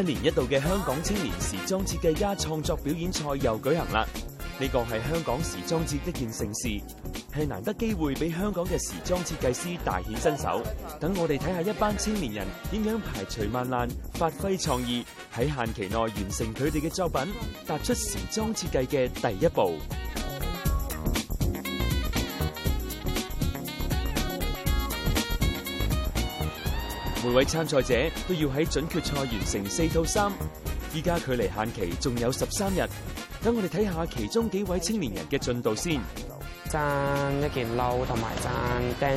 一年一度嘅香港青年時裝設計家創作表演賽又舉行啦！呢個係香港時裝節一件盛事，係難得機會俾香港嘅時裝設計師大顯身手。等我哋睇下一班青年人點樣排除萬難，發揮創意，喺限期內完成佢哋嘅作品，踏出時裝設計嘅第一步。每位參賽者都要喺準決賽完成四套衫。依家距離限期仲有十三日。等我哋睇下其中幾位青年人嘅進度先。爭一件褸同埋爭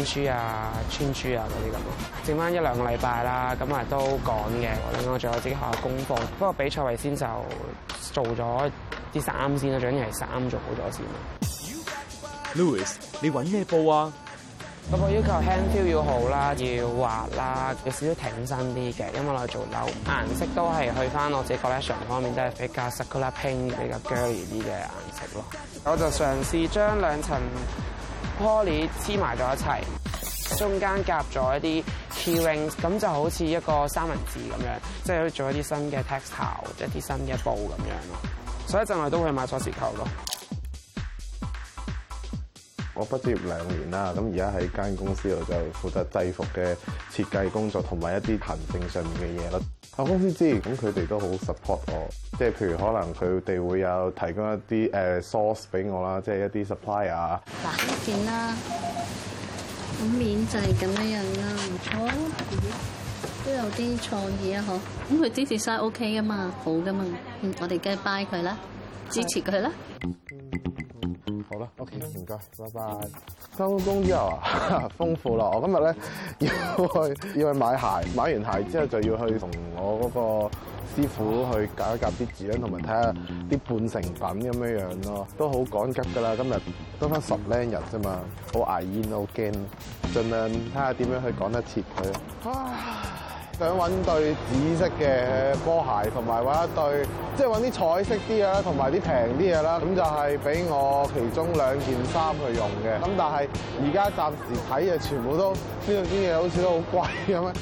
釘珠啊、穿珠啊嗰啲咁咯。剩翻一兩個禮拜啦，咁啊都趕嘅。另外仲有自己學下功課。不過比賽為先就做咗啲衫先啦，最緊要係衫做好咗先 Louis, 找什麼步。Louis，你揾咩布啊？不過要求 hand feel 要好啦，要滑啦，有少少挺身啲嘅，因為我做褸，顏色都係去翻我自己 collection 方面都係比較 Sakura Pink 比較 girly 啲嘅顏色咯。我就嘗試將兩層 poly 黐埋咗一齊，中間夾咗一啲 key rings 咁就好似一個三文治咁樣，即係做一啲新嘅 textile，一啲新嘅布咁樣咯。所以陣間都會買鎖匙扣咯。我畢業兩年啦，咁而家喺間公司度就負責制服嘅設計工作，同埋一啲行政上面嘅嘢啦啊，公司之前咁佢哋都好 support 我，即係譬如可能佢哋會有提供一啲、呃、source 俾我啦，即係一啲 supplier。嗱，呢件啦，咁面就係咁樣樣啦，唔錯啊，都有啲創意啊，嗬。咁、嗯、佢支持晒 OK 㗎嘛，好㗎嘛，嗯、我哋梗係 buy 佢啦，支持佢啦。好啦，OK，唔該，拜拜。收工之後啊，呵呵豐富啦！我今日咧要去要去買鞋，買完鞋之後就要去同我嗰個師傅去搞一搞啲紙啦，同埋睇下啲半成品咁樣樣咯，都好趕急噶啦！今日得翻十靚日啫嘛，好捱煙，好驚，盡量睇下點樣去趕得切佢。啊想揾對紫色嘅波鞋，同埋揾一對，即係揾啲彩色啲嘢啦，同埋啲平啲嘢啦。咁就係俾我其中兩件衫去用嘅。咁但係而家暫時睇嘅全部都呢度啲嘢好似都好貴咁啊！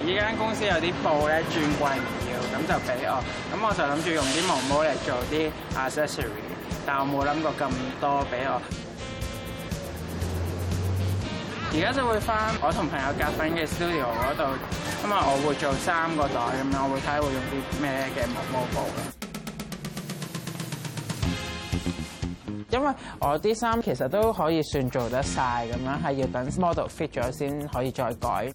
呢間公司有啲布咧轉季唔要，咁就俾我。咁我就諗住用啲毛毛嚟做啲 accessory。但我冇諗過咁多俾我。而家就會返我同朋友夾份嘅 studio 嗰度，因為我會做三個袋咁樣，我會睇會用啲咩嘅毛布。因為我啲衫其實都可以算做得晒。咁樣，係要等 model fit 咗先可以再改。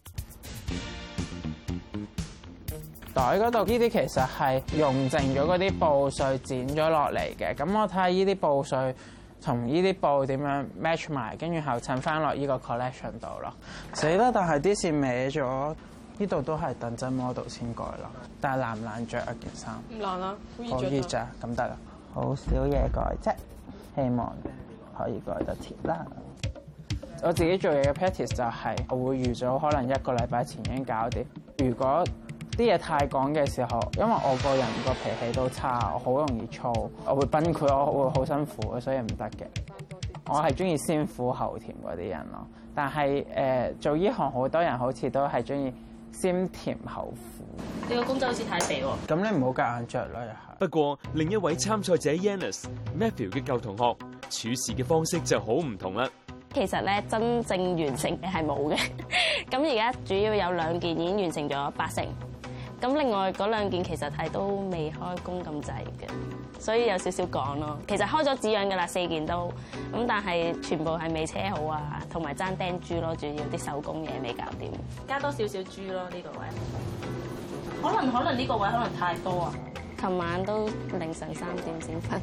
袋嗰度呢啲其實係用剩咗嗰啲布碎剪咗落嚟嘅。咁我睇下呢啲布碎同呢啲布點樣 match 埋，跟住後襯翻落呢個 collection 度咯。死啦！但係啲線歪咗，呢度都係等真 model 先改咯。但係難唔難着一、啊、件衫？唔啦？可以着，著咁得啦，好少嘢改啫。希望可以改得貼啦。我自己做嘢嘅 practice 就係、是、我會預咗可能一個禮拜前已經搞掂。如果啲嘢太講嘅時候，因為我個人個脾氣都差，我好容易燥，我會崩潰，我會好辛苦，所以唔得嘅。我係中意先苦後甜嗰啲人咯，但係、呃、做呢行好多人好似都係中意先甜後苦。呢個工作好似太肥喎，咁你唔好夾硬着啦、又係。不過另一位參賽者 Yannes Matthew 嘅舊同學處事嘅方式就好唔同啦。其實咧真正完成嘅係冇嘅，咁而家主要有兩件已經完成咗八成。咁另外嗰兩件其實係都未開工咁滯嘅，所以有少少趕咯。其實開咗紙樣㗎啦，四件都咁，但係全部係未車好啊，同埋爭釘珠咯，仲要啲手工嘢未搞掂，加多少少珠咯呢個位。可能可能呢個位可能太多啊。琴晚都凌晨三點先瞓。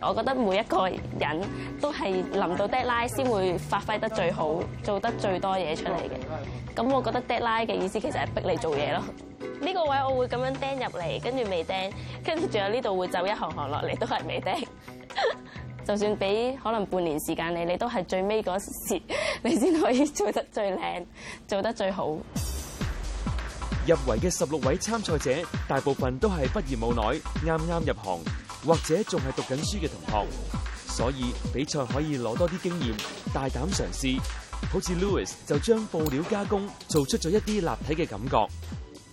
我覺得每一個人都係臨到 deadline 先會發揮得最好，做得最多嘢出嚟嘅。咁我覺得 deadline 嘅意思其實係逼你做嘢咯。呢個位我會咁樣釘入嚟，跟住未釘，跟住仲有呢度會走一行行落嚟，都係未釘。 就算俾可能半年時間你，你都係最尾嗰時你先可以做得最靚，做得最好。入圍嘅十六位參賽者大部分都係畢業冇耐，啱啱入行或者仲係讀緊書嘅同學，所以比賽可以攞多啲經驗，大膽嘗試。好似 Louis 就將布料加工做出咗一啲立體嘅感覺。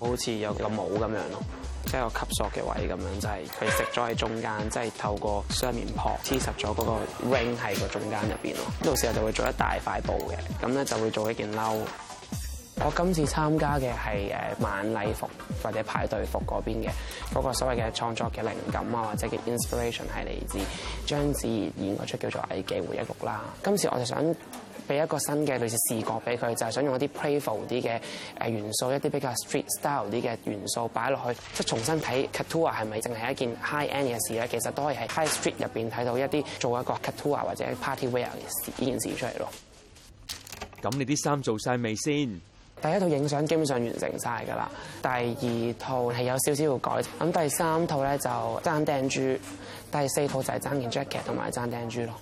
好似有個帽咁樣咯，即係個吸索嘅位咁樣，就係佢食咗喺中間，即、就、係、是、透過雙面撲黐實咗嗰個 ring 喺個中間入邊咯。到、這個、時候就會做一大塊布嘅，咁咧就會做一件褸。 我今次參加嘅係誒晚禮服或者派對服嗰邊嘅，嗰、那個所謂嘅創作嘅靈感啊或者嘅 inspiration 係嚟自章子怡演嗰出叫做《藝伎回憶錄》啦。今次我就想，俾一個新嘅類似視覺俾佢，就係、是、想用一啲 playful 啲嘅誒元素，一啲比較 street style 啲嘅元素擺落去，即係重新睇 catwalk 係咪淨係一件 high end 嘅事咧？其實都可以喺 high street 入邊睇到一啲做一個 catwalk 或者 party wear 嘅事呢件事出嚟咯。咁你啲衫做晒未先？第一套影相基本上完成晒㗎啦，第二套係有少少要改，咁第三套咧就爭釘珠，第四套就係爭件 jacket 同埋爭釘珠咯。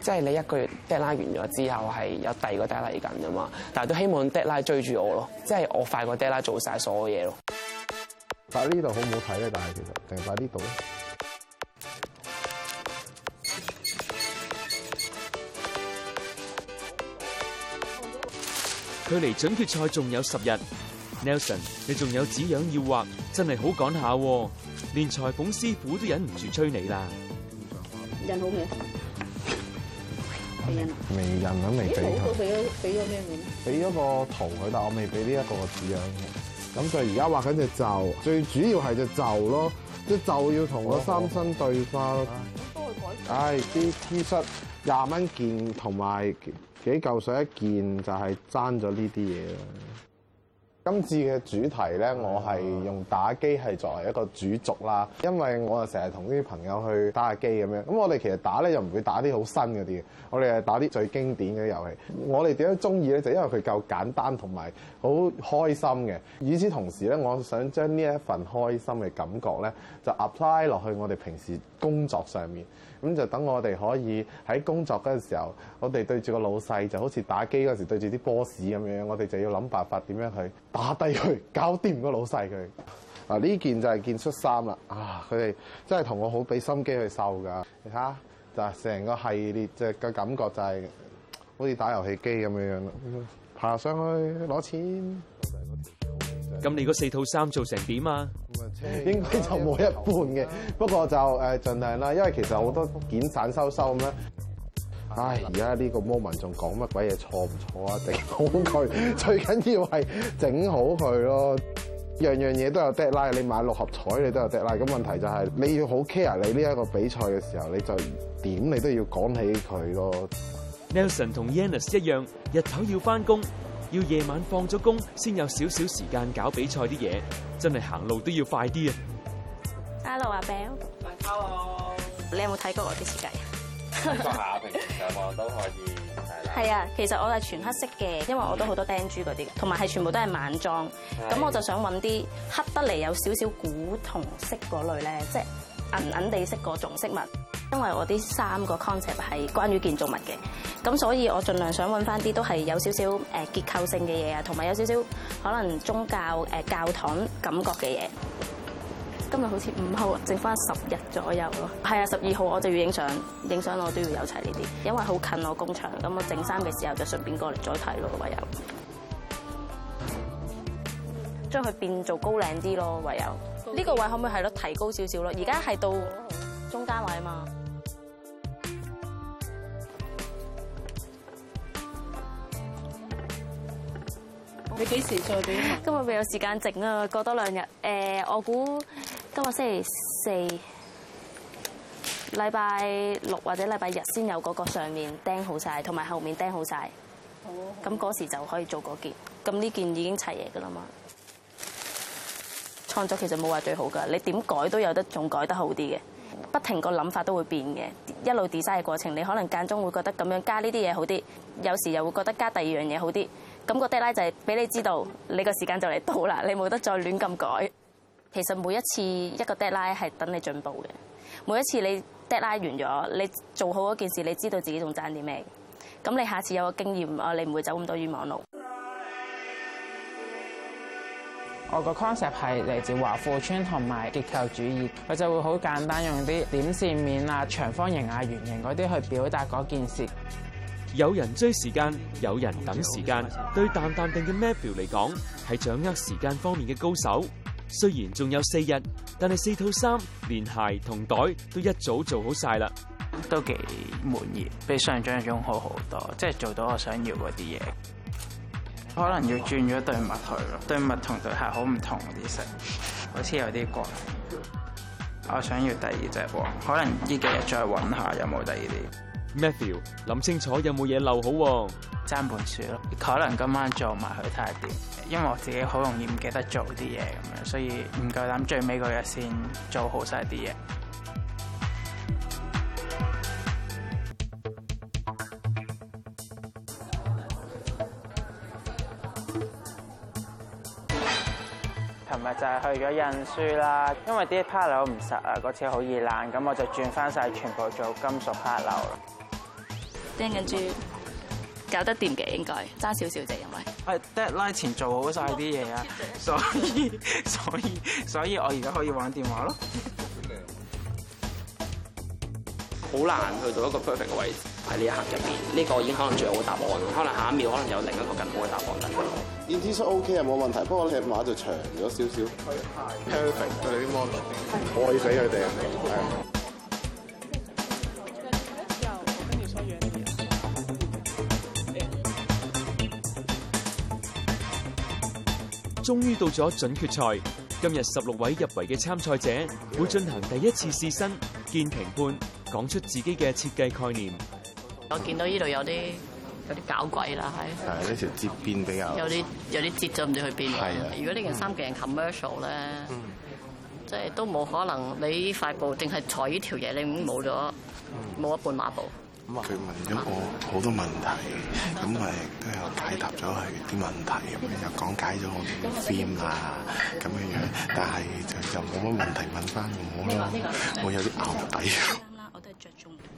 即係你一個月 deadline 完咗之後，係有第二個 deadline 嚟緊噶嘛？但係都希望 deadline 追住我咯，即係我快過 deadline 做晒所有嘢咯。拍呢度好唔好睇咧？但係其實定拍呢度咧。距離準決賽仲有十日，Nelson，你仲有紙樣要畫，真係好趕下喎！連裁縫師傅都忍唔住催你啦。印好嘢？未印啊，未印都未俾佢。俾咗俾咗咩面？畀俾咗個圖佢，但係我未俾呢一個紙樣嘅。咁就而家畫緊隻袖，最主要係隻袖咯，即係袖要同我三身對花。咁多嘅改款。唉，啲 T 恤廿蚊件，同埋幾嚿水一件，一件就係爭咗呢啲嘢啦。今次嘅主題呢，我係用打機係作為一個主軸啦，因為我就成日同啲朋友去打下機咁樣。咁我哋其實打呢，又唔會打啲好新嗰啲，我哋係打啲最經典嘅遊戲。我哋點樣中意呢？就因為佢夠簡單同埋好開心嘅。與此同時呢，我想將呢一份開心嘅感覺呢，就 apply 落去我哋平時，工作上面，咁就等我哋可以喺工作嗰陣時候，我哋對住個老細就好似打機嗰時對住啲 boss 咁樣，我哋就要諗辦法點樣去打低佢，搞掂個老細佢。嗱、啊、呢件就係件恤衫啦，啊佢哋真係同我好俾心機去收㗎，你睇下就係成個系列嘅感覺就係、是、好似打遊戲機咁樣樣咯、嗯，爬上去攞錢。咁你嗰四套衫做成點啊？應該就冇一半嘅，不過就盡量啦。因為其實好多件散修修咁啦。唉，而家呢個 moment 仲講乜鬼嘢錯唔錯啊？整好佢， 最緊要係整好佢咯。樣樣嘢都有 deadline，你買六合彩你都有 deadline。咁問題就係你要好 care 你呢一個比賽嘅時候，你就點你都要講起佢咯。Nelson 同 Yannes 一樣，日頭要翻工。要夜晚放咗工先有少少時間搞比賽啲嘢，真係行路都要快啲啊！Hello，阿 Ben，Hello，你有冇睇過我啲設計？睇過下， 平時上網都可以係啊，其實我係全黑色嘅，因為我都好多釘珠嗰啲，同埋係全部都係晚裝。咁我就想搵啲黑得嚟有少少古銅色嗰類咧，即係。揾，揾地識過種飾物，因為我啲三個 concept 係關於建築物嘅，咁所以我盡量想揾翻啲都係有少少誒結構性嘅嘢啊，同埋有少少可能宗教誒、呃、教堂感覺嘅嘢。今日好似五號，剩翻十日左右咯。係啊，十二號我就要影相，影相我都要有齊呢啲，因為好近我工場，咁我整衫嘅時候就順便過嚟再睇咯，唯有將佢變做高領啲咯，唯有。呢個位可唔可以係咯提高少少咯？而家係到中間位嘛？你幾時再俾？今日未有時間整啊，過多兩日。誒，我估今日星期四、禮拜六或者禮拜日先有嗰個上面釘好晒，同埋後面釘好晒。好。咁嗰時就可以做嗰件。咁呢件已經齊嘢噶啦嘛？放咗其實冇話最好㗎，你點改都有得仲改得好啲嘅，不停個諗法都會變嘅，一路 design 嘅過程，你可能間中會覺得咁樣加呢啲嘢好啲，有時又會覺得加第二樣嘢好啲，咁個 deadline 就係俾你知道你個時間就嚟到啦，你冇得再亂咁改。其實每一次一個 deadline 係等你進步嘅，每一次你 deadline 完咗，你做好嗰件事，你知道自己仲爭啲咩，咁你下次有個經驗啊，你唔會走咁多冤枉路。我個 concept 係嚟自華富村同埋結構主義，佢就會好簡單用啲點線面啊、長方形啊、圓形嗰啲去表達嗰件事。有人追時間，有人等時間。對淡淡定嘅 Matthew 嚟講，係掌握時間方面嘅高手。雖然仲有四日，但係四套衫、連鞋同袋都一早做好晒啦，都幾滿意，比上張仲好好多，即係做到我想要嗰啲嘢。可能要轉咗對物去咯，對物同對鞋好唔同啲色，好似有啲怪。我想要第二隻喎，可能呢幾日再揾下有冇第二啲。Matthew 諗清楚有冇嘢漏好喎，爭本書咯。可能今晚做埋佢睇下點，因為我自己好容易唔記得做啲嘢咁樣，所以唔夠膽最尾嗰日先做好晒啲嘢。去咗印書啦，因為啲批樓唔實啊，嗰次好易爛，咁我就轉翻晒全部做金屬批樓啦。訂緊住，搞得掂嘅應該，爭少少啫，因為係 deadline 前做好晒啲嘢啊，所以所以所以，所以我而家可以玩電話咯。好難去到一個 perfect 嘅位置喺呢一刻入面。呢、呢個已經可能最好嘅答案，可能下一秒可能有另一個更好嘅答案。In、t 恤 OK 啊，冇問題。不過尺碼就長咗少少。Perfect，佢哋啲 model 以死佢哋。終於到咗準決賽，今日十六位入圍嘅參賽者會進行第一次試身，見評判講出自己嘅設計概念。我見到呢度有啲。有啲搞鬼啦，係。係呢條接邊比較。有啲有啲折咗，唔知去邊。係啊。如果呢件衫嘅 commercial 咧、嗯，即係都冇可能你，你塊布定係裁呢條嘢，你冇咗冇一半碼布。咁啊。佢問咗我好多問題，咁亦都有解答咗佢啲問題，又講解咗我啲 theme 啊咁嘅樣，但係就就冇乜問題問翻我咯、這個這個，我有啲拗底。這個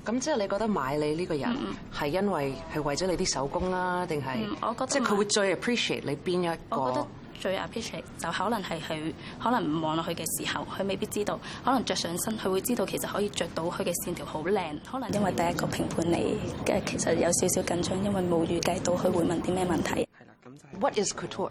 咁即係你覺得買你呢個人係因為係為咗你啲手工啦、啊，定係、嗯、我覺得、即係佢會最 appreciate 你邊一個？我覺得最 appreciate 就可能係佢可能唔望落去嘅時候，佢未必知道。可能着上身，佢會知道其實可以着到佢嘅線條好靚。可能因為第一個評判你嘅其實有少少緊張，因為冇預計到佢會問啲咩問題。係啦，咁就 What is couture？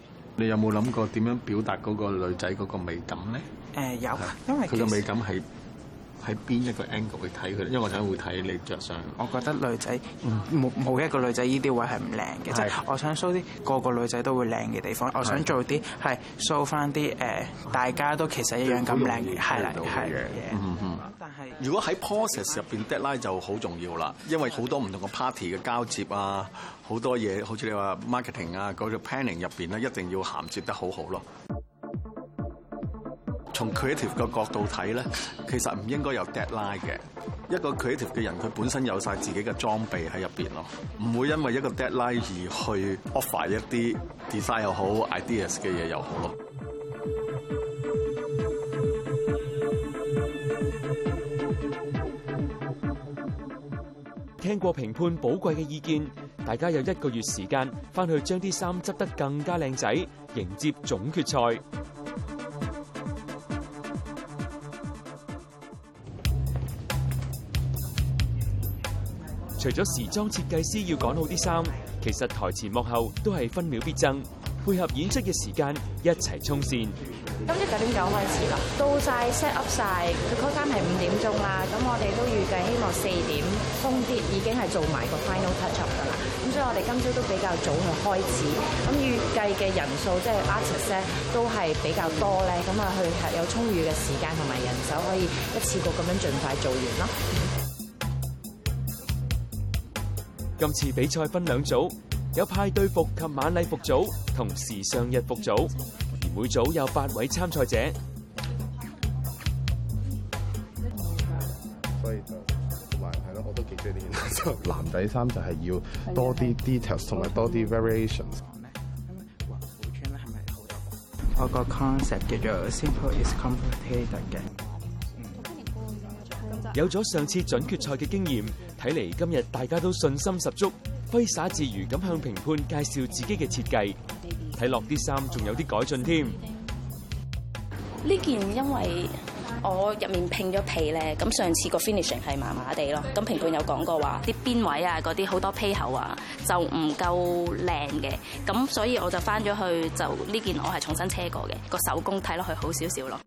你有冇諗過點樣表達 𠮶 個女仔 𠮶 個美感咧？誒，uh，有，因為佢嘅美感係。喺邊一個 angle 去睇佢？因為我想會睇你着相。我覺得女仔冇冇一個女仔依啲位係唔靚嘅，即係、就是、我想 show 啲個個女仔都會靚嘅地方。我想做啲係 show 翻啲大家都其實一樣咁靚嘅，係啦，係一樣嘢。但係、yeah. yeah. 嗯、如果喺 process 入邊 deadline 就好重要啦，因為好多唔同嘅 party 嘅交接啊，好多嘢，好似你話 marketing 啊嗰、嗰個 planning 入邊咧，一定要銜接得好好咯。從 creative 嘅角度睇咧，其實唔應該有 deadline 嘅。一個 creative 嘅人，佢本身有晒自己嘅裝備喺入邊咯，唔會因為一個 deadline 而去 offer 一啲 design 又好 ideas 嘅嘢又好咯。聽過評判寶貴嘅意見，大家有一個月時間返去將啲衫執得更加靚仔，迎接總決賽。除咗時裝設計師要趕好啲衫，其實台前幕後都係分秒必爭，配合演出嘅時間一齊衝線。今朝九點九開始啦，到晒 set up 晒，佢開間係五點鐘啦。咁我哋都預計希望四點空啲，已經係做埋個 final touch up 嘅啦。咁所以我哋今朝都比較早去開始。咁預計嘅人數即係 artist 咧，都係比較多咧。咁、嗯、啊，去有充裕嘅時間同埋人手，可以一次過咁樣盡快做完咯。今次比賽分兩組，有派對服及晚禮服組同時尚日服組，而每組有八位參賽者。所以就同埋係咯，我都幾鍾練。就男底衫就係要多啲 details 同埋多啲 variations。我個 concept 就係 simple is complicated 嘅。有咗上次準決賽嘅經驗。睇嚟今日大家都信心十足，揮灑自如咁向評判介紹自己嘅設計。睇落啲衫仲有啲改進添。呢件因為我入面拼咗皮咧，咁上次個 finishing 係麻麻地咯。咁評判有講過話啲邊位啊，嗰啲好多披口啊，就唔夠靚嘅。咁所以我就翻咗去，就呢件我係重新車過嘅，個手工睇落去好少少咯。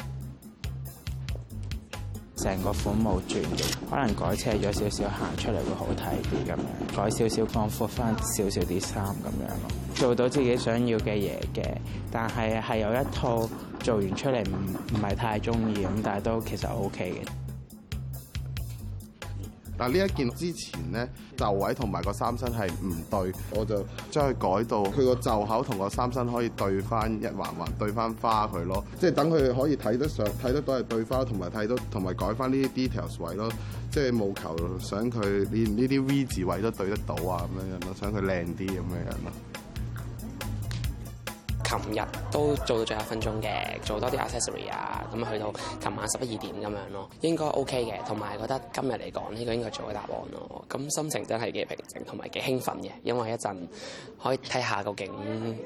成個款冇轉嘅，可能改車咗少少，行出嚟會好睇啲咁樣，改少少擴闊翻少少啲衫咁樣咯，做到自己想要嘅嘢嘅，但係係有一套做完出嚟唔唔係太中意咁，但係都其實 OK 嘅。嗱，呢一件之前咧袖位同埋個衫身係唔對，我就將佢改到佢個袖口同個衫身可以對翻一橫橫，對翻花佢咯，即係等佢可以睇得上睇得到係對花，同埋睇到同埋改翻呢啲 details 位咯，即係務求想佢連呢啲 V 字位都對得到啊咁樣樣咯，想佢靚啲咁樣樣咯。琴日都做到最後一分鐘嘅，做多啲 accessory 啊，咁去到琴晚十一二點咁樣咯，應該 OK 嘅，同埋覺得今日嚟講呢個應該做個答案咯。咁心情真係幾平靜，同埋幾興奮嘅，因為一陣可以睇下究竟，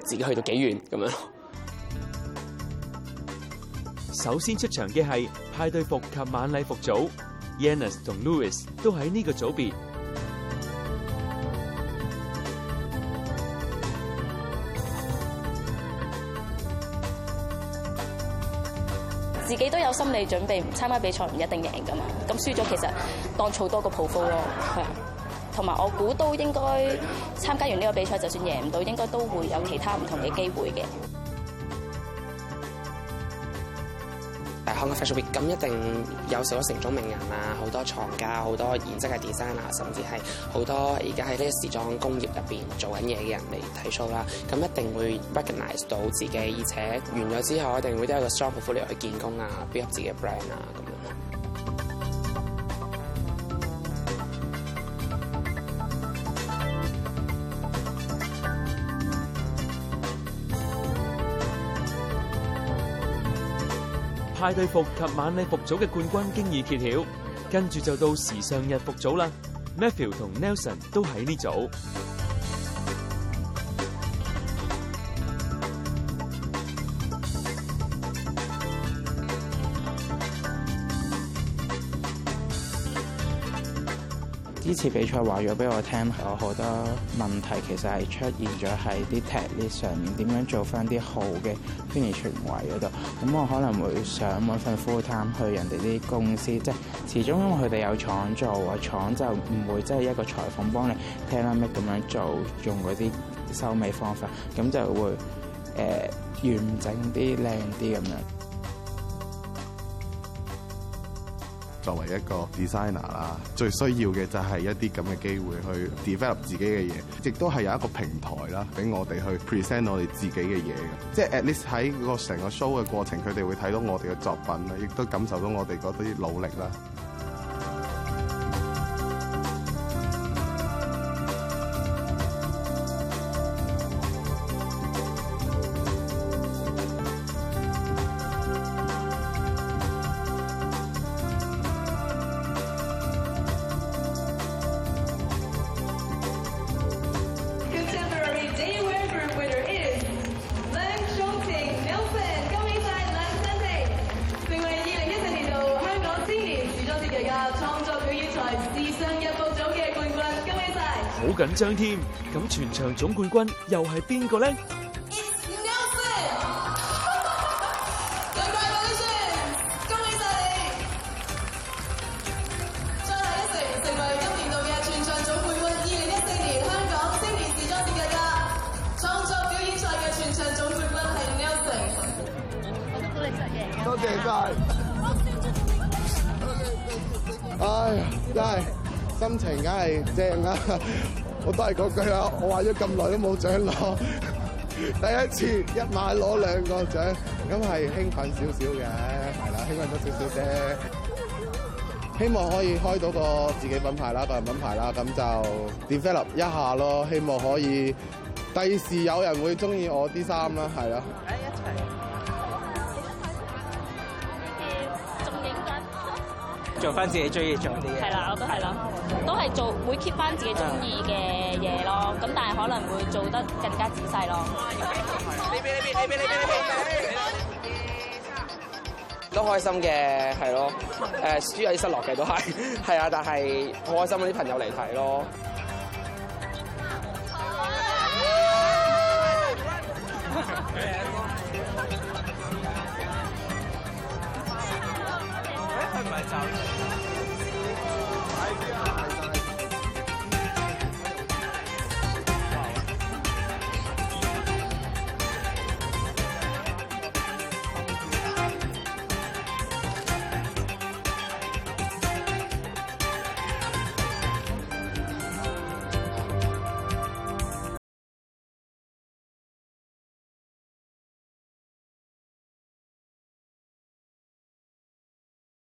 自己去到幾遠咁樣。首先出場嘅係派對服及晚禮服組，Yannes 同 Louis 都喺呢個組別。心理準備，唔參加比賽唔一定贏噶嘛。咁輸咗其實當儲多個鋪貨咯。係。同埋我估都應該參加完呢個比賽，就算贏唔到，應該都會有其他唔同嘅機會嘅。大 e 咁一定有少咗城中名人啊，好多藏家、好多現職嘅 design 啊，甚至係好多而家喺呢個時裝工業入邊做緊嘢嘅人嚟睇 show 啦。咁一定會 recognize 到自己，而且完咗之後一定會都有個 stronger force 去見工建功啊，build up 自己嘅 brand 啊。派對服及晚禮服組嘅冠軍經已揭曉，跟住就到時尚日服組啦。Matthew 同 Nelson 都喺呢組。呢次比賽話咗俾我聽，有好多問題，其實係出現咗喺啲踢裂上面，點樣做翻啲好嘅 finish 位度？咁我可能會想搵份 full time 去人哋啲公司，即係始終因為佢哋有廠做啊，廠就唔會即係一個裁縫幫你聽咁樣做，用嗰啲收尾方法，咁就會誒、呃、完整啲、靚啲咁樣。作為一個 designer 啦，最需要嘅就係一啲咁嘅機會去 develop 自己嘅嘢，亦都係有一個平台啦，俾我哋去 present 我哋自己嘅嘢嘅。即係 at least 喺個成個 show 嘅過程，佢哋會睇到我哋嘅作品啦，亦都感受到我哋嗰啲努力啦。日服組嘅冠軍恭喜晒，好緊張添。咁全場總冠軍又係邊個咧？正啊，我都係嗰句啦，我玩咗咁耐都冇獎攞，第一次一晚攞兩個獎，咁係興奮少少嘅，係啦，興奮咗少少啫。希望可以開到個自己品牌啦、個人品牌啦，咁就 develop 一下咯。希望可以第時有人會鍾意我啲衫啦，係啦。做翻自己中意做啲嘢，係啦，我都係咯，都係做，會 keep 翻自己中意嘅嘢咯。咁、嗯、但係可能會做得更加仔細咯。呢邊 都開心嘅，係咯。誒，輸咗啲失落嘅都係，係啊，但係好開心啲朋友嚟睇咯。